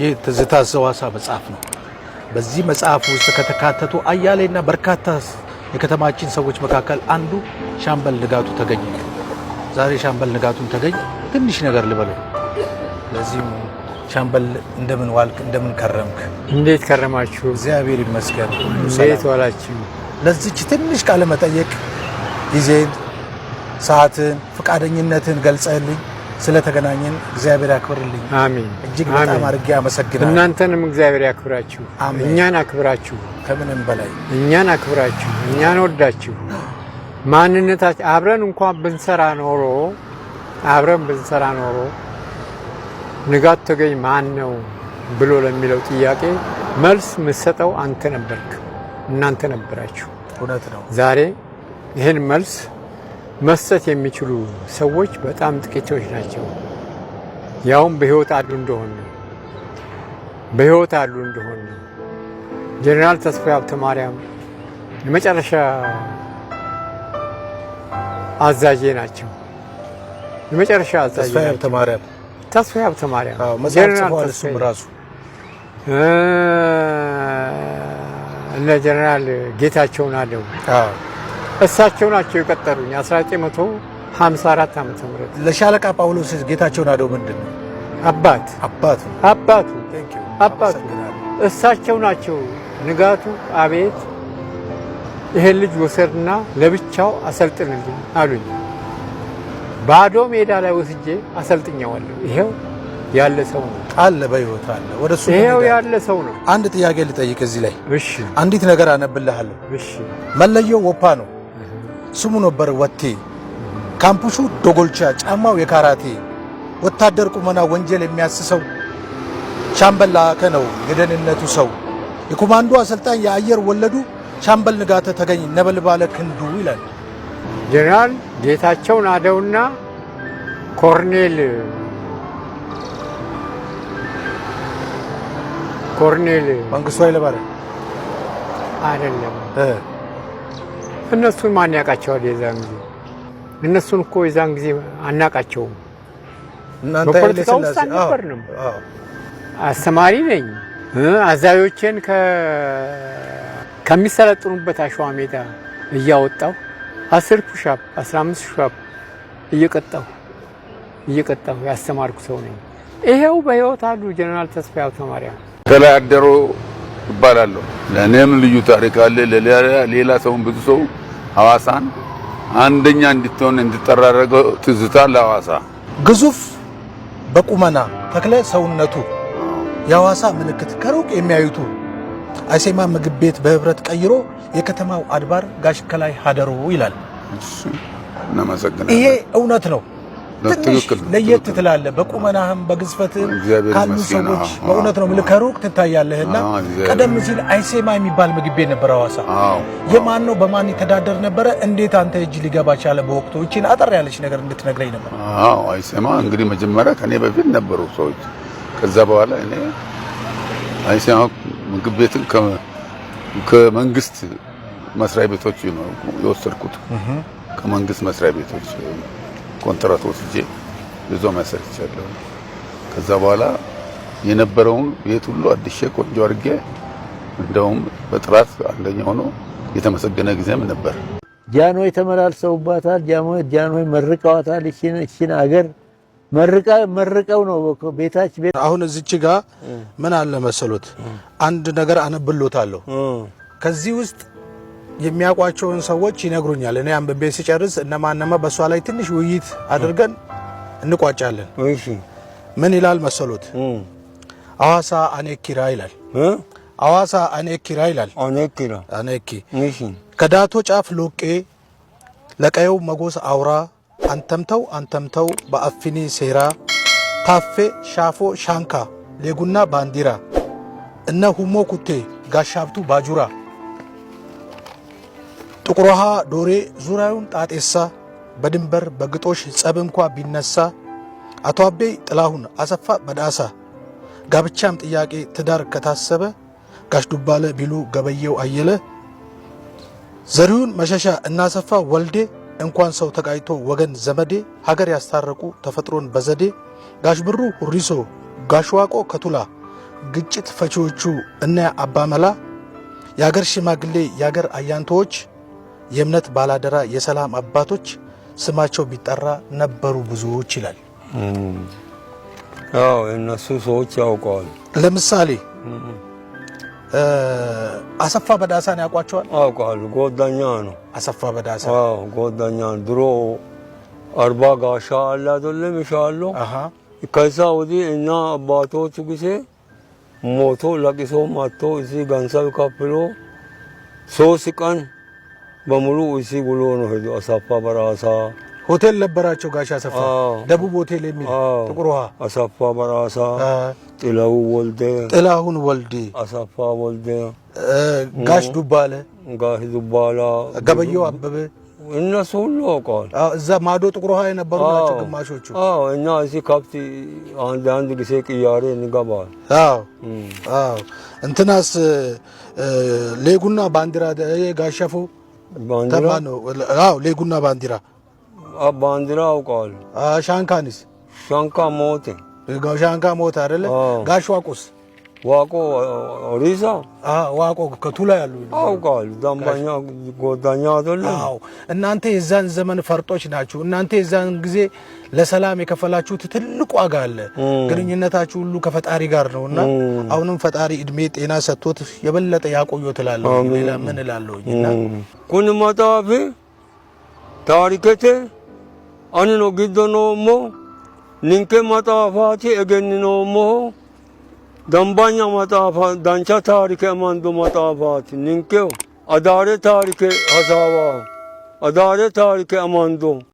ይህ ትዝታ ዘዋሳ መጽሐፍ ነው። በዚህ መጽሐፍ ውስጥ ከተካተቱ አያሌና በርካታ የከተማችን ሰዎች መካከል አንዱ ሻምበል ንጋቱ ተገኘ። ዛሬ ሻምበል ንጋቱን ተገኝ ትንሽ ነገር ልበለው። ለዚህም ሻምበል እንደምን ዋልክ? እንደምን ከረምክ? እንዴት ከረማችሁ? እግዚአብሔር ይመስገን። እንዴት ዋላችሁ? ለዚች ትንሽ ቃለ መጠየቅ ጊዜን፣ ሰዓትን፣ ፈቃደኝነትን ገልጸህልኝ ስለተገናኘን እግዚአብሔር ያክብርልኝ። አሜን። እጅግ በጣም አድርጌ አመሰግናለሁ። እናንተንም እግዚአብሔር ያክብራችሁ፣ እኛን አክብራችሁ፣ ከምንም በላይ እኛን አክብራችሁ፣ እኛን ወዳችሁ ማንነታችን አብረን እንኳን ብንሰራ ኖሮ አብረን ብንሰራ ኖሮ ንጋት ተገኝ ማን ነው ብሎ ለሚለው ጥያቄ መልስ ምሰጠው አንተ ነበርክ፣ እናንተ ነበራችሁ። እውነት ነው። ዛሬ ይህን መልስ መስጠት የሚችሉ ሰዎች በጣም ጥቂቶች ናቸው። ያውም በህይወት አሉ እንደሆነ በህይወት አሉ እንደሆነ ጀኔራል ተስፋዬ ሀብተ ማርያም የመጨረሻ አዛዤ ናቸው። የመጨረሻ አዛዥ ተስፋዬ ሀብተ ማርያም ተስፋዬ ሀብተ ማርያም ራሱ እነ ጀነራል ጌታቸውን አለው እሳቸው ናቸው የቀጠሩኝ 1954 ዓ.ም። ለሻለቃ ጳውሎስ ጌታቸውን አደው ምንድን ነው አባት አባቱ አባቱ አባቱ እሳቸው ናቸው። ንጋቱ አቤት ይሄን ልጅ ወሰድና ለብቻው አሰልጥንልኝ አሉኝ። ባዶ ሜዳ ላይ ወስጄ አሰልጥኛዋለሁ። ይሄው ያለ ሰው ነው አለ በህይወት አለ። ወደሱ ይሄው ያለ ሰው ነው። አንድ ጥያቄ ልጠይቅ እዚህ ላይ እሺ። አንዲት ነገር አነብልሃለሁ እሺ። መለየው ወፓ ነው ስሙ ነበር ወቴ። ካምፑሱ ዶጎልቻ ጫማው የካራቴ ወታደር ቁመና፣ ወንጀል የሚያስሰው ሻምበል ላከ ነው የደህንነቱ ሰው። የኮማንዶ አሰልጣኝ የአየር ወለዱ ሻምበል ንጋተ ተገኝ ነበልባለ ክንዱ ይላል። ጀነራል ጌታቸውን አደውና ኮርኔል ኮርኔል መንግስቱ ኃይለማርያም አይደለም እነሱን ማን ያውቃቸዋል? የዛን ጊዜ እነሱን እኮ የዛን ጊዜ አናውቃቸውም። በፖለቲካ ውስጥ አልነበርንም። አስተማሪ ነኝ። አዛቢዎቼን ከሚሰለጥኑበት አሸዋ ሜዳ እያወጣሁ አስር ፑሻፕ አስራ አምስት ፑሻፕ እየቀጣሁ እየቀጣሁ ያስተማርኩ ሰው ነኝ። ይሄው በህይወት አሉ ጀነራል ተስፋ ተማሪያ ተለያደሮ አደሮ እባላለሁ። ለእኔም ልዩ ታሪክ አለ። ለሌላ ሰውን ብዙ ሰው ሐዋሳን አንደኛ እንድትሆን እንድጠራረገው ትዝታ ለሐዋሳ ግዙፍ በቁመና ተክለ ሰውነቱ የሐዋሳ ምልክት ከሩቅ የሚያዩቱ አይሴማ ምግብ ቤት በህብረት ቀይሮ የከተማው አድባር ጋሽ ከላይ ሀደሩ ይላል። እናመሰግናለን። ይሄ እውነት ነው። ትንሽ ለየት ትላለ በቁመናህም በግዝፈትህም ካሉ ሰዎች በእውነት ነው የምልህ ከሩቅ ትታያለህና ቀደም ሲል አይሴማ የሚባል ምግብ ቤት ነበር ሐዋሳ የማን ነው በማን የተዳደር ነበረ እንዴት አንተ እጅ ሊገባ ቻለ በወቅቱ እቺን አጠር ያለች ነገር እንድትነግረኝ ነበር አይሴማ እንግዲህ መጀመሪያ ከኔ በፊት ነበሩ ሰዎች ከዛ በኋላ እኔ አይሴማ ምግብ ቤትን ከመንግስት መስሪያ ቤቶች ነው የወሰድኩት ከመንግስት መስሪያ ቤቶች ኮንትራት ወስጄ ብዙ መሰርቻለሁ። ከዛ በኋላ የነበረውን ቤት ሁሉ አዲሼ ቆንጆ አድርጌ እንደውም በጥራት አንደኛ ሆኖ የተመሰገነ ጊዜም ነበር። ጃንሆይ ተመላልሰውባታል። ጃንሆይ መርቀዋታል። እቺን አገር መርቀ መርቀው ነው ቤታች ቤት አሁን እዚች ጋ ምን አለ መሰሎት አንድ ነገር አነብሎታለሁ ከዚህ ውስጥ የሚያውቋቸውን ሰዎች ይነግሩኛል። እኔ አንብቤ ሲጨርስ እነማነማ በእሷ ላይ ትንሽ ውይይት አድርገን እንቋጫለን። ምን ይላል መሰሎት? አዋሳ አኔኪራ ይላል። አዋሳ አኔኪራ ይላል። አኔኪ ከዳቶ ጫፍ ሎቄ ለቀየው መጎስ አውራ አንተምተው አንተምተው በአፊኒ ሴራ ታፌ ሻፎ ሻንካ ሌጉና ባንዲራ እነ ሁሞ ኩቴ ጋሻብቱ ባጁራ ጥቁር ውሃ ዶሬ ዙሪያውን ጣጤሳ በድንበር በግጦሽ ጸብ እንኳ ቢነሳ አቶ አቤ ጥላሁን አሰፋ በዳሳ ጋብቻም ጥያቄ ትዳር ከታሰበ ጋሽ ዱባለ ቢሉ ገበየው አየለ ዘሪሁን መሸሻ እናሰፋ ወልዴ እንኳን ሰው ተቃይቶ ወገን ዘመዴ ሀገር ያስታረቁ ተፈጥሮን በዘዴ ጋሽ ብሩ ሁሪሶ ጋሽ ዋቆ ከቱላ ግጭት ፈቺዎቹ እና አባመላ የአገር ሽማግሌ የአገር አያንቶዎች የእምነት ባላደራ የሰላም አባቶች ስማቸው ቢጠራ ነበሩ ብዙዎች ይላል። አዎ እነሱ ሰዎች ያውቀዋል። ለምሳሌ አሰፋ በዳሳን ያውቋቸዋል። አውቀዋል። ጎዳኛ ነው። አሰፋ በዳሳ አዎ፣ ጓደኛ ድሮ አርባ ጋሻ አለ አይደለም? ይሻሉ ከዛ ወዲህ እና አባቶቹ ጊዜ ሞቶ ለቅሶ ማቶ እዚህ ገንዘብ ከፍሎ ሶስት ቀን በሙሉ እዚህ ውሎ ነው ሄዶ አሳፋ በራሳ ሆቴል ነበራቸው ጋሽ አሰፋ ደቡብ ሆቴል የሚል ጥቁር ውሃ። አሳፋ በራሳ፣ ጥላው ወልዴ፣ ጥላሁን ወልዴ፣ አሳፋ ወልዴ፣ ጋሽ ዱባለ፣ ጋሽ ዱባላ፣ ገበየው አበበ እነሱ ሁሉ አውቀዋል። እዛ ማዶ ጥቁር ውሃ የነበሩ ናቸው ግማሾቹ። አዎ እና እዚህ ከብት አንድ አንድ ጊዜ ቅያሬ እንገባል። አዎ አዎ። እንትናስ ሌጉና ባንዲራ ጋሸፉ ሌጉና ባንዲራ ባንዲራ አውቀዋል። ሻንካንስ ሻንካ ሞተ። ሻንካ ሞተ አይደለ? ጋሽ ዋቆስ 와고 어디서? 아 와ቆ ከቱላ ያሉ አውቃሉ። ዳምባኛ ጎዳኛ አይደለ? አዎ። እናንተ የዛን ዘመን ፈርጦች ናችሁ። እናንተ የዛን ጊዜ ለሰላም የከፈላችሁት ትልቅ ዋጋ አለ። ግንኙነታችሁ ሁሉ ከፈጣሪ ጋር ነውና አሁንም ፈጣሪ እድሜ ጤና ሰጥቶት የበለጠ ያቆየ ትላለሁ። ምን እላለሁ? እና ኩን ማጣፊ ታሪከቴ አንኖ ግዶኖ ሞ ንንከ ማጣፋቴ እገንኖ ሞ Dambanya matafan, dança tarike emandu matafati, ninke, adare tarike hazava, adare tarike emandu.